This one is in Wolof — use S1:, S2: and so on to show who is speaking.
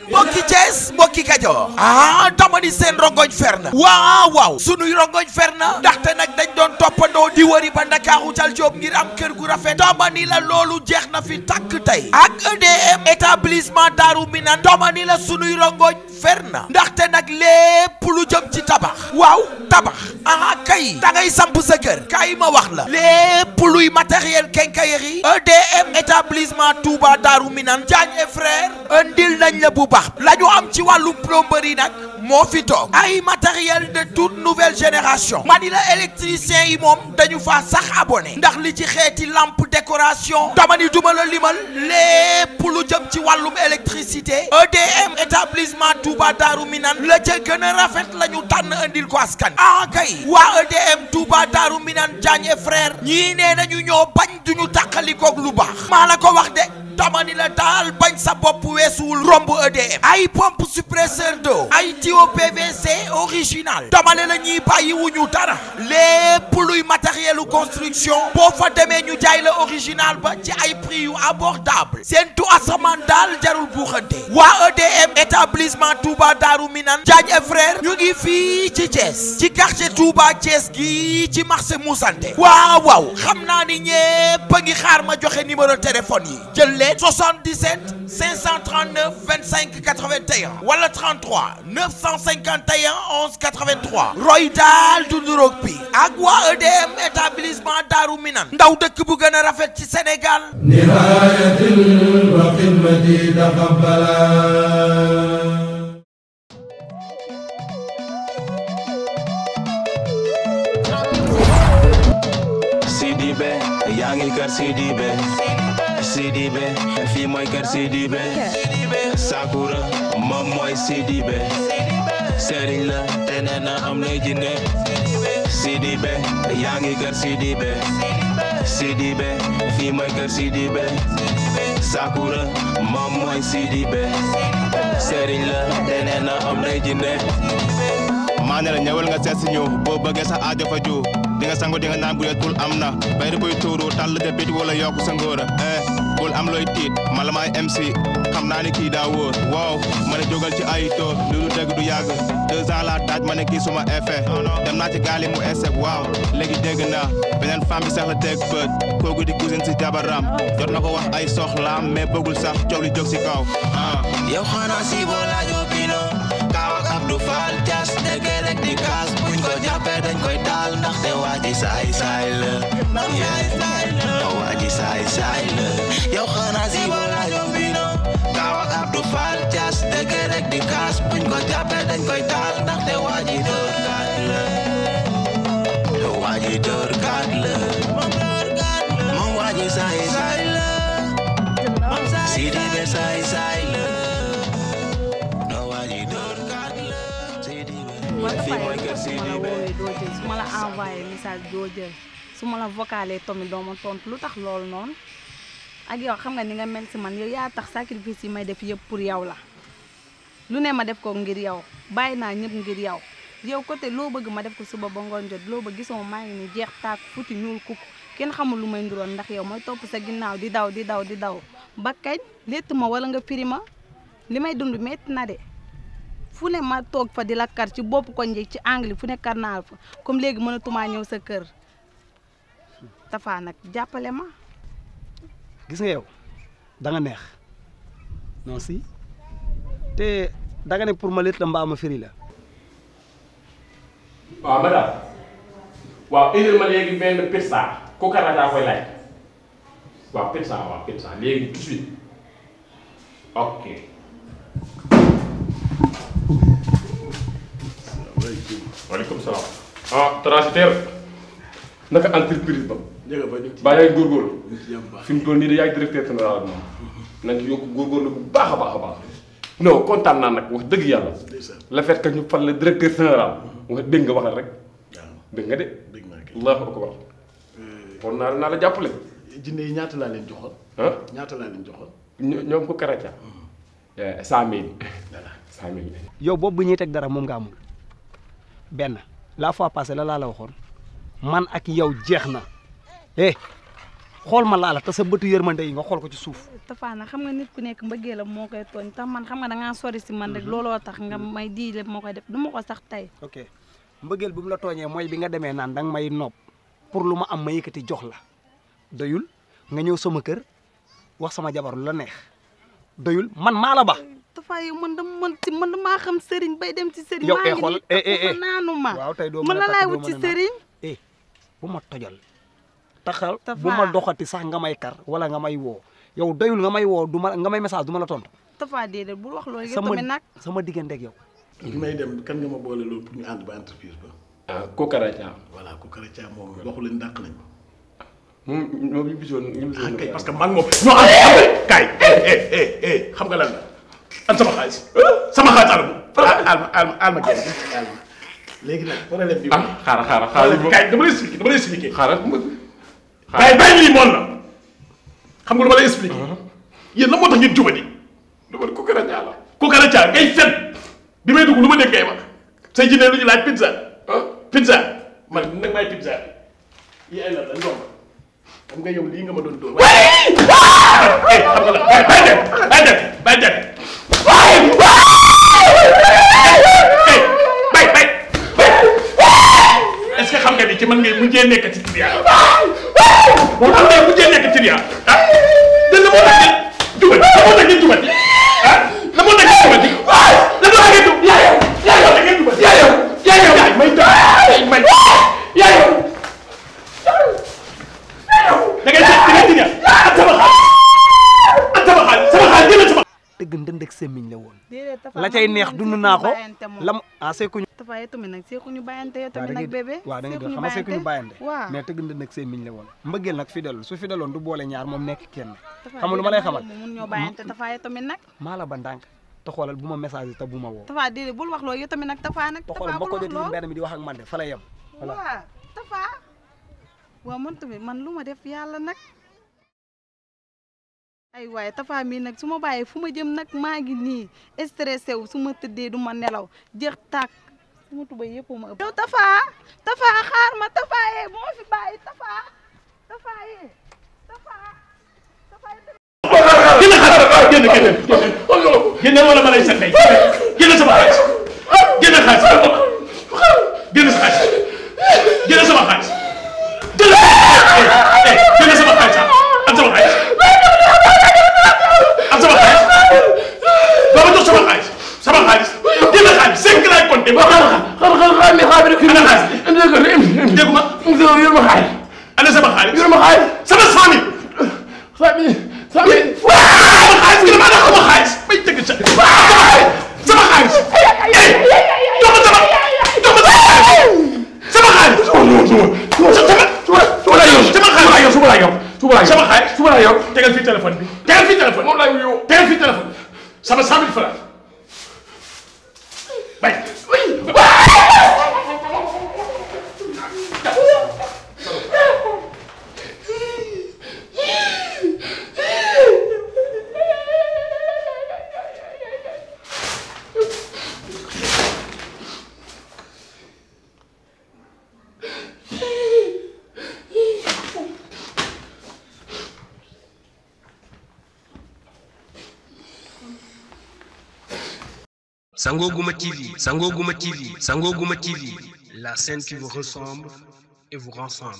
S1: leen mbokki Thiès mbokki Kajoor ah dama ni seen rongoñ fer na waaw waaw sunuy rongoñ fer na ndaxte nag dañ doon toppandoo di ba Ndakaaru cal ngir am kër gu rafet dama la loolu jeex na fi tàkk tey ak EDM établissement Daaru Minaan dama ni la sunuy rongoñ fer na ndaxte nag lépp lu jëm ci tabax waaw tabax ah kay da samp sa kër kay ma wax la lépp luy matériel quincaillerie EDM établissement Touba Daaru Minaan Diagne et frère andil nañ la bu la am ci walu plomberie nak mo fi tok ay matériel de toute nouvelle génération Manila la électricien yi mom dañu fa sax abonné ndax li ci xéti lampe décoration dama ni duma la limal lépp lu jëm ci walum électricité EDM établissement Touba Darou Minane la ca gëna rafet la andil ko askan ah kay wa EDM Touba Darou Minane jagne frère ñi né nañu ñoo bañ duñu ak lu bax maa la ko wax de dama ni la dal bañ sa bop wessul romb e Aïe pompe suppresseur d'eau Aïe tuyau PVC original Tamalé la ñuy bàyyi wuñu dara lépp luy mat ou construction pour fa demee ñu jaay la original ba ci ay prix ce abordable seentu asamaan daal jarul buuxante waa EDM établissement Touba Darou Minan Diagne frère ñu ngi fii ci Thiès ci quartier Touba Thiès gi ci marché Moussante Wa waaw xam naa ni ñépp a ngi xaar ma joxe numéro téléphone yi l'ai 77 539 25 81 wala 33 951 11 83 roy Dal du nuroog bi établissement établissement Darou Minane ndaw dëkk bu gën a rafet ci Sénégal nihayatil wa qimati taqabbala Sidibé yaa ngi kër Sidibé Sidibé fii mooy kër Sidibé Sakura moom mooy Sidibé sëriñ la te nee na am na jinne Sidibé yaa ngi kër Sidibé Sidibé fii mooy Sakura moom mooy Sidibé sëriñ la denee na am lay la ñëwal nga seet ñu boo bëggee sa aajo fa ju di nga sangu di naan bu dee tul am na bayri buy tuuru tàll de bit wala yokk sa ngóora eh bul am looy tiit mala maay si xam naa ne kii daa wóor waaw ma ne jógal ci ay toor lu du dëgg du yàgg deux ans laa taaj man ne kii suma effet dem naa ci gaali mu esek waaw léegi dégg na beneen femme bi sax la teg bët kooku di cousine si jabaram jot na ko wax ay soxlaam mais bëggul sax coow li jóg si kaw ah. yow xanaa si boo aji saay saay la yow aji saay saay la yow xanaa si wala yow bi noo kaaw ak Abdou Fall jaas dëgg rek di kaas buñ ko jàppee dañ koy taal ndaxte waa ji dóor kaat la yow waa ji dóor kaat la moom waa ji saay saay
S2: la si di di
S1: be fii mooy kër
S2: doo jël su ma la envoyé message doo jël su ma la vocalee tamit dooma tontu lu tax lool noonu ak yow xam nga ni nga mel si man yow yaa tax sacrifice yi may def yëpp pour yow la lu ne ma def ko ngir yow bàyyi naa ñëpp ngir yow yow côté loo bëgg ma def ko suba ba ngoon jot loo bëgg gisoo maa ngi ni jeex taak futi ñuul kukk kenn xamul lu may nduroon ndax yow mooy topp sa ginnaaw di daw di daw di daw ba kañ létt ma wala nga firi ma li may dund metti na de fu ne ma toog fa di la kar ci bopp ko njëg ci anglais fu ne kar naa fa comme léegi mënatumaa ñëw sa kër Tafa nag jàppale ma.
S3: gis nga yow da neex non si te da ne pour ma létt la mbaa ma firi la. waaw madame
S4: waaw indil ma léegi benn pizza ku kan daa koy laaj waaw pizza waaw pizza léegi tout ok. salaamaaleykum. waaleykum salaam. ah transitaire. naka entreprise ba. njëkk ba ñu. bàyyi ak góorgóorlu. fi mu toll nii de yaay directeur général bi na nga yokk góorgóorlu bu baax a baax a baax. non kontaan naa nag wax dëgg yàlla. la fait que ñu fal la directeur général. Mm-hmm. wax dégg nga waxal rek. dégg nga de. dégg naa kay allahu akbar. kon euh, naa naa la jàppale. jinne yi ñaata laa leen joxoon. ñaata laa leen joxoon. ñoom ko Karaca. Mm-hmm. Eh, cent mille. yo
S3: yow bobu bu ñuy teg dara mom nga amul ben la fois passé la la waxon man ak yow jeexna hé eh ma malala la ta sa bëtu yërmande yi nga xol ko ci suuf
S2: tafaana xam nga nit ku nekk la mo koy togn ta man xam nga da nga sori ci man rek mhm. lolo tax nga may diile mo koy def duma ko sax tay ok
S3: mbëggeel bu mu la togné moy bi nga démé nan dang may nopp pour luma am may yëkëti jox la doyul nga ñëw sama kër wax sama jabar lu la neex doyul man mala ba
S2: dafay man da man ci man damaa xam sëriñ bay dem ci sëriñ. yow kay eh, xool eh eh eh naanu waaw
S3: tey doo mën a laay wut ci sëriñ. eh bu ma tojal. taxal bu ma doxati sax nga may kar wala nga may woo yow doyul nga may woo du ma nga may message du ma la tontu.
S2: Tafa déedéet bul wax loolu yow tamit
S3: sama diggante ak yow. bi may dem kan nga ma boole loolu pour ñu ànd ba entreprise ba. ah
S4: Kokara Thiam. voilà Kokara Thiam moom waxu leen dàq nañ ko. moom moom bisoon ñu ah, kay parce que man moom ñoo kay. Eh, eh eh eh xam nga lan am sama xaalis sama xaalis alama. alama alama alama kenn alama. léegi nag problème bi. ah xaaral xaaral xaaral kaay dama lay expliqué dama lay expliqué. xaaral kaay bàyyi lii moon la. xam nga dama lay expliqué. Uh-huh. yéen la moo tax ngeen jubadi. lu ma ku kara ñaa la. ku kara caa ngay fen bi may dugg lu ma dégg ngay wax. say lu ñu laaj pizza. pizza man nag maay pizza yi ay la ñoom xam nga yow lii nga ma doon doon. waaye xam nga la waaye bàyyi dem bàyyi dem. mujjee nekk ci tiriyaa waay waay bu mujjee nekk tiriyaa ah dana moo tax ngeen jubal dana moo tax ngeen jubal
S2: dëgg ndëndëg sémmiñ la woon la cey neex dund naa ko lam ah seekuñu tafaye tumi nag seekuñu bayante yow tamit nag bébé wa da nga xam nga seekuñu bayante mais
S3: dëgg ndëndëg sémmiñ la woon mbëggeel nag fidèle su fidèloon du boole ñaar mom nekk kenn xam lu ma lay xamal mun ñoo bàyyante
S2: tafaye tamit nak
S3: mala ba ndank ta xolal buma message ta buma wo woo
S2: tafa déedéet bul wax lo yow tamit nak tafa nak tafa bul wax loolu
S3: benn mi di wax ak man de fa lay yam
S2: wa tafa wa man tumi man luma def yalla nak ay waaye Tapha mii nag su ma bàyyee fu ma jëm nag maa ngi nii stressé wu su ma tëddee du ma nelaw jeex tàkk su ma tubay yëpp ma ëpp. yow Tapha Tapha xaar ma Tapha yee bu fi bàyyi Tapha Tapha yee Tapha
S4: Tapha yee. sama xaalis génn xaalis. yor ma xaalis ana sama xaalis yor ma xaalis sama cent mille cent mille cent mille sama xaalis gi damaa taxaw ma xaalis may tëgg sa sama xaalis jox ma sama jox ma sama sama xaalis sama xaalis sama xaalis su ma laa yor tegal fii téléphone bi tegal fii téléphone moom laay wuyoo tegal fii téléphone sama cent mille francs bay
S3: Sangoguma TV, Sangoguma TV, Sangoguma TV, la scène qui vous ressemble
S2: et vous rassemble.